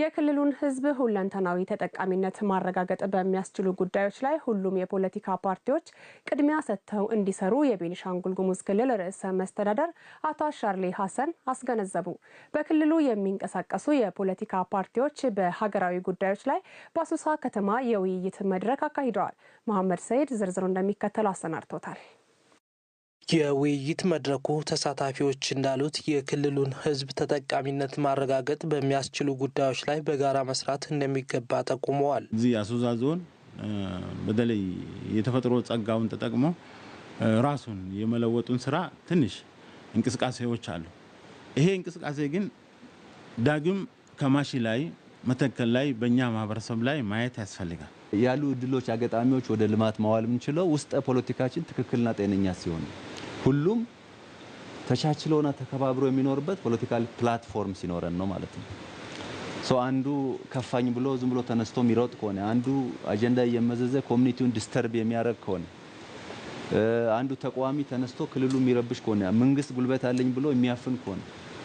የክልሉን ህዝብ ሁለንተናዊ ተጠቃሚነት ማረጋገጥ በሚያስችሉ ጉዳዮች ላይ ሁሉም የፖለቲካ ፓርቲዎች ቅድሚያ ሰጥተው እንዲሰሩ የቤኒሻንጉል ጉሙዝ ክልል ርዕሰ መስተዳደር አቶ አሻርሌ ሀሰን አስገነዘቡ። በክልሉ የሚንቀሳቀሱ የፖለቲካ ፓርቲዎች በሀገራዊ ጉዳዮች ላይ በአሶሳ ከተማ የውይይት መድረክ አካሂደዋል። መሐመድ ሰይድ ዝርዝሩ እንደሚከተል አሰናድቶታል። የውይይት መድረኩ ተሳታፊዎች እንዳሉት የክልሉን ሕዝብ ተጠቃሚነት ማረጋገጥ በሚያስችሉ ጉዳዮች ላይ በጋራ መስራት እንደሚገባ ጠቁመዋል። እዚህ የአሶሳ ዞን በተለይ የተፈጥሮ ጸጋውን ተጠቅሞ ራሱን የመለወጡን ስራ ትንሽ እንቅስቃሴዎች አሉ። ይሄ እንቅስቃሴ ግን ዳግም ከማሺ ላይ መተከል ላይ በእኛ ማህበረሰብ ላይ ማየት ያስፈልጋል ያሉ እድሎች፣ አጋጣሚዎች ወደ ልማት ማዋል የምንችለው ውስጠ ፖለቲካችን ትክክልና ጤነኛ ሲሆን ሁሉም ተቻችሎና ተከባብሮ የሚኖርበት ፖለቲካል ፕላትፎርም ሲኖረን ነው ማለት ነው። ሰው አንዱ ከፋኝ ብሎ ዝም ብሎ ተነስቶ የሚሮጥ ከሆነ አንዱ አጀንዳ እየመዘዘ ኮሚኒቲውን ዲስተርብ የሚያደርግ ከሆነ አንዱ ተቃዋሚ ተነስቶ ክልሉ የሚረብሽ ከሆነ መንግስት ጉልበት አለኝ ብሎ የሚያፍን ከሆነ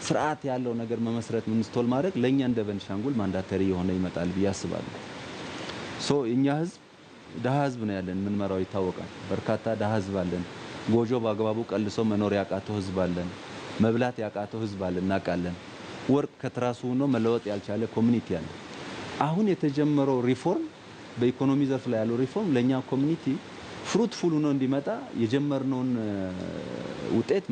ስርዓት ያለው ነገር መመስረት ምንስቶል ማድረግ ለኛ እንደ በንሻንጉል ማንዳተሪ የሆነ ይመጣል ብዬ አስባለሁ። ሶ እኛ ህዝብ ደሃ ህዝብ ነው ያለን፣ መራው ይታወቃል። በርካታ ደሃ ህዝብ አለን። ጎጆ በአግባቡ ቀልሶ መኖር ያቃተው ህዝብ አለን። መብላት ያቃተው ህዝብ አለን፣ እናውቃለን። ወርቅ ከትራሱ ሆኖ መለወጥ ያልቻለ ኮሚኒቲ አለ። አሁን የተጀመረው ሪፎርም በኢኮኖሚ ዘርፍ ላይ ያለው ሪፎርም ለኛ ኮሚኒቲ ፍሩትፉል ሆኖ እንዲመጣ የጀመርነውን ውጤት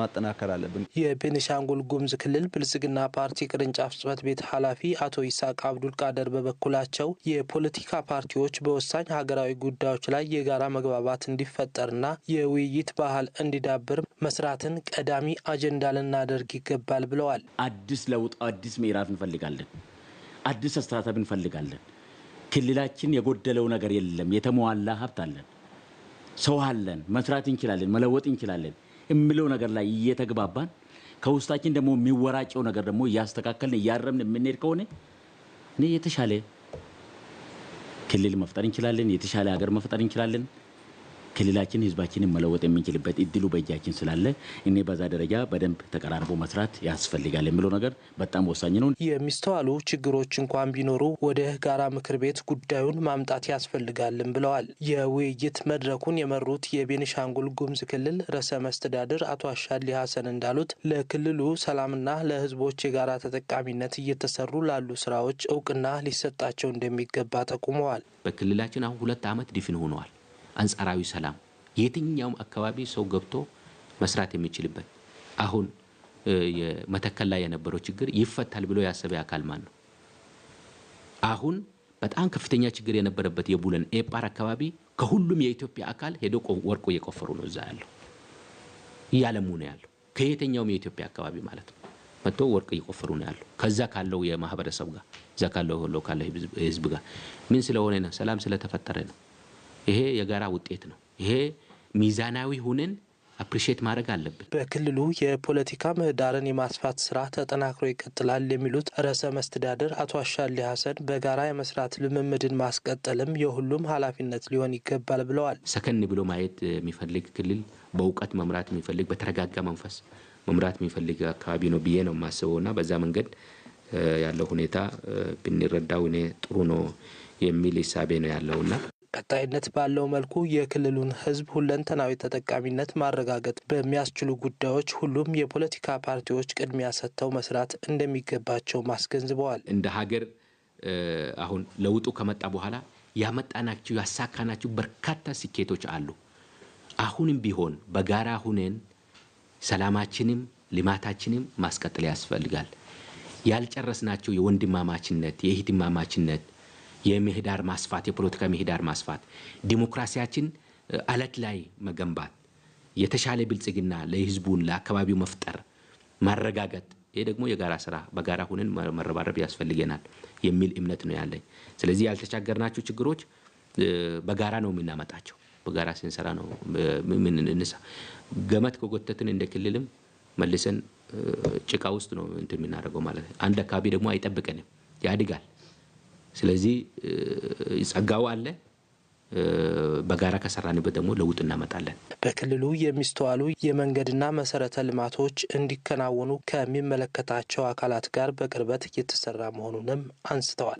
ማጠናከር አለብን። የቤኒሻንጉል ጉሙዝ ክልል ብልጽግና ፓርቲ ቅርንጫፍ ጽፈት ቤት ኃላፊ አቶ ይስሐቅ አብዱል ቃደር በበኩላቸው የፖለቲካ ፓርቲዎች በወሳኝ ሀገራዊ ጉዳዮች ላይ የጋራ መግባባት እንዲፈጠርና የውይይት ባህል እንዲዳብር መስራትን ቀዳሚ አጀንዳ ልናደርግ ይገባል ብለዋል። አዲስ ለውጥ፣ አዲስ ምዕራፍ እንፈልጋለን። አዲስ አስተሳሰብ እንፈልጋለን። ክልላችን የጎደለው ነገር የለም። የተሟላ ሀብት አለን። ሰው አለን፣ መስራት እንችላለን፣ መለወጥ እንችላለን የሚለው ነገር ላይ እየተግባባን ከውስጣችን ደግሞ የሚወራጨው ነገር ደግሞ እያስተካከልን እያረምን የምንሄድ ከሆነ እኔ የተሻለ ክልል መፍጠር እንችላለን፣ የተሻለ ሀገር መፍጠር እንችላለን። ክልላችን ህዝባችንን መለወጥ የምንችልበት እድሉ በእጃችን ስላለ እኔ በዛ ደረጃ በደንብ ተቀራርቦ መስራት ያስፈልጋል የሚለው ነገር በጣም ወሳኝ ነው። የሚስተዋሉ ችግሮች እንኳን ቢኖሩ ወደ ጋራ ምክር ቤት ጉዳዩን ማምጣት ያስፈልጋልም ብለዋል። የውይይት መድረኩን የመሩት የቤኒሻንጉል ጉምዝ ክልል ርዕሰ መስተዳድር አቶ አሻሊ ሀሰን እንዳሉት ለክልሉ ሰላምና ለህዝቦች የጋራ ተጠቃሚነት እየተሰሩ ላሉ ስራዎች እውቅና ሊሰጣቸው እንደሚገባ ጠቁመዋል። በክልላችን አሁን ሁለት ዓመት ድፍን ሆነዋል። አንጻራዊ ሰላም የትኛውም አካባቢ ሰው ገብቶ መስራት የሚችልበት አሁን መተከል ላይ የነበረው ችግር ይፈታል ብሎ ያሰበ አካል ማን ነው? አሁን በጣም ከፍተኛ ችግር የነበረበት የቡለን ኤጳር አካባቢ ከሁሉም የኢትዮጵያ አካል ሄዶ ወርቆ እየቆፈሩ ነው። እዛ ያለው እያለሙ ነው ያለው። ከየትኛውም የኢትዮጵያ አካባቢ ማለት ነው መጥቶ ወርቅ እየቆፈሩ ነው ያለው። ከዛ ካለው የማህበረሰብ ጋር እዛ ካለው ካለ ህዝብ ጋር ምን ስለሆነ ነው? ሰላም ስለተፈጠረ ነው። ይሄ የጋራ ውጤት ነው። ይሄ ሚዛናዊ ሁንን አፕሪሺየት ማድረግ አለብን። በክልሉ የፖለቲካ ምህዳርን የማስፋት ስራ ተጠናክሮ ይቀጥላል የሚሉት ርዕሰ መስተዳደር አቶ አሻሌ ሀሰን በጋራ የመስራት ልምምድን ማስቀጠልም የሁሉም ኃላፊነት ሊሆን ይገባል ብለዋል። ሰከን ብሎ ማየት የሚፈልግ ክልል፣ በእውቀት መምራት የሚፈልግ በተረጋጋ መንፈስ መምራት የሚፈልግ አካባቢ ነው ብዬ ነው የማስበውና በዛ መንገድ ያለው ሁኔታ ብንረዳው እኔ ጥሩ ነው የሚል ሂሳቤ ነው ያለውና ቀጣይነት ባለው መልኩ የክልሉን ህዝብ ሁለንተናዊ ተጠቃሚነት ማረጋገጥ በሚያስችሉ ጉዳዮች ሁሉም የፖለቲካ ፓርቲዎች ቅድሚያ ሰጥተው መስራት እንደሚገባቸው ማስገንዝበዋል። እንደ ሀገር አሁን ለውጡ ከመጣ በኋላ ያመጣናቸው ያሳካናቸው በርካታ ስኬቶች አሉ። አሁንም ቢሆን በጋራ ሁነን ሰላማችንም ልማታችንም ማስቀጠል ያስፈልጋል። ያልጨረስናቸው የወንድማማችነት የእህትማማችነት የምህዳር ማስፋት፣ የፖለቲካ ምህዳር ማስፋት፣ ዲሞክራሲያችን አለት ላይ መገንባት፣ የተሻለ ብልጽግና ለህዝቡን ለአካባቢው መፍጠር ማረጋገጥ፣ ይህ ደግሞ የጋራ ስራ በጋራ ሁንን መረባረብ ያስፈልገናል የሚል እምነት ነው ያለኝ። ስለዚህ ያልተቻገርናቸው ችግሮች በጋራ ነው የምናመጣቸው። በጋራ ስንሰራ ነው ምንንንሳ ገመት ከጎተትን እንደ ክልልም መልሰን ጭቃ ውስጥ ነው እንትን የምናደርገው ማለት ነው። አንድ አካባቢ ደግሞ አይጠብቀንም ያድጋል። ስለዚህ ጸጋው አለ። በጋራ ከሰራንበት ደግሞ ለውጥ እናመጣለን። በክልሉ የሚስተዋሉ የመንገድና መሰረተ ልማቶች እንዲከናወኑ ከሚመለከታቸው አካላት ጋር በቅርበት እየተሰራ መሆኑንም አንስተዋል።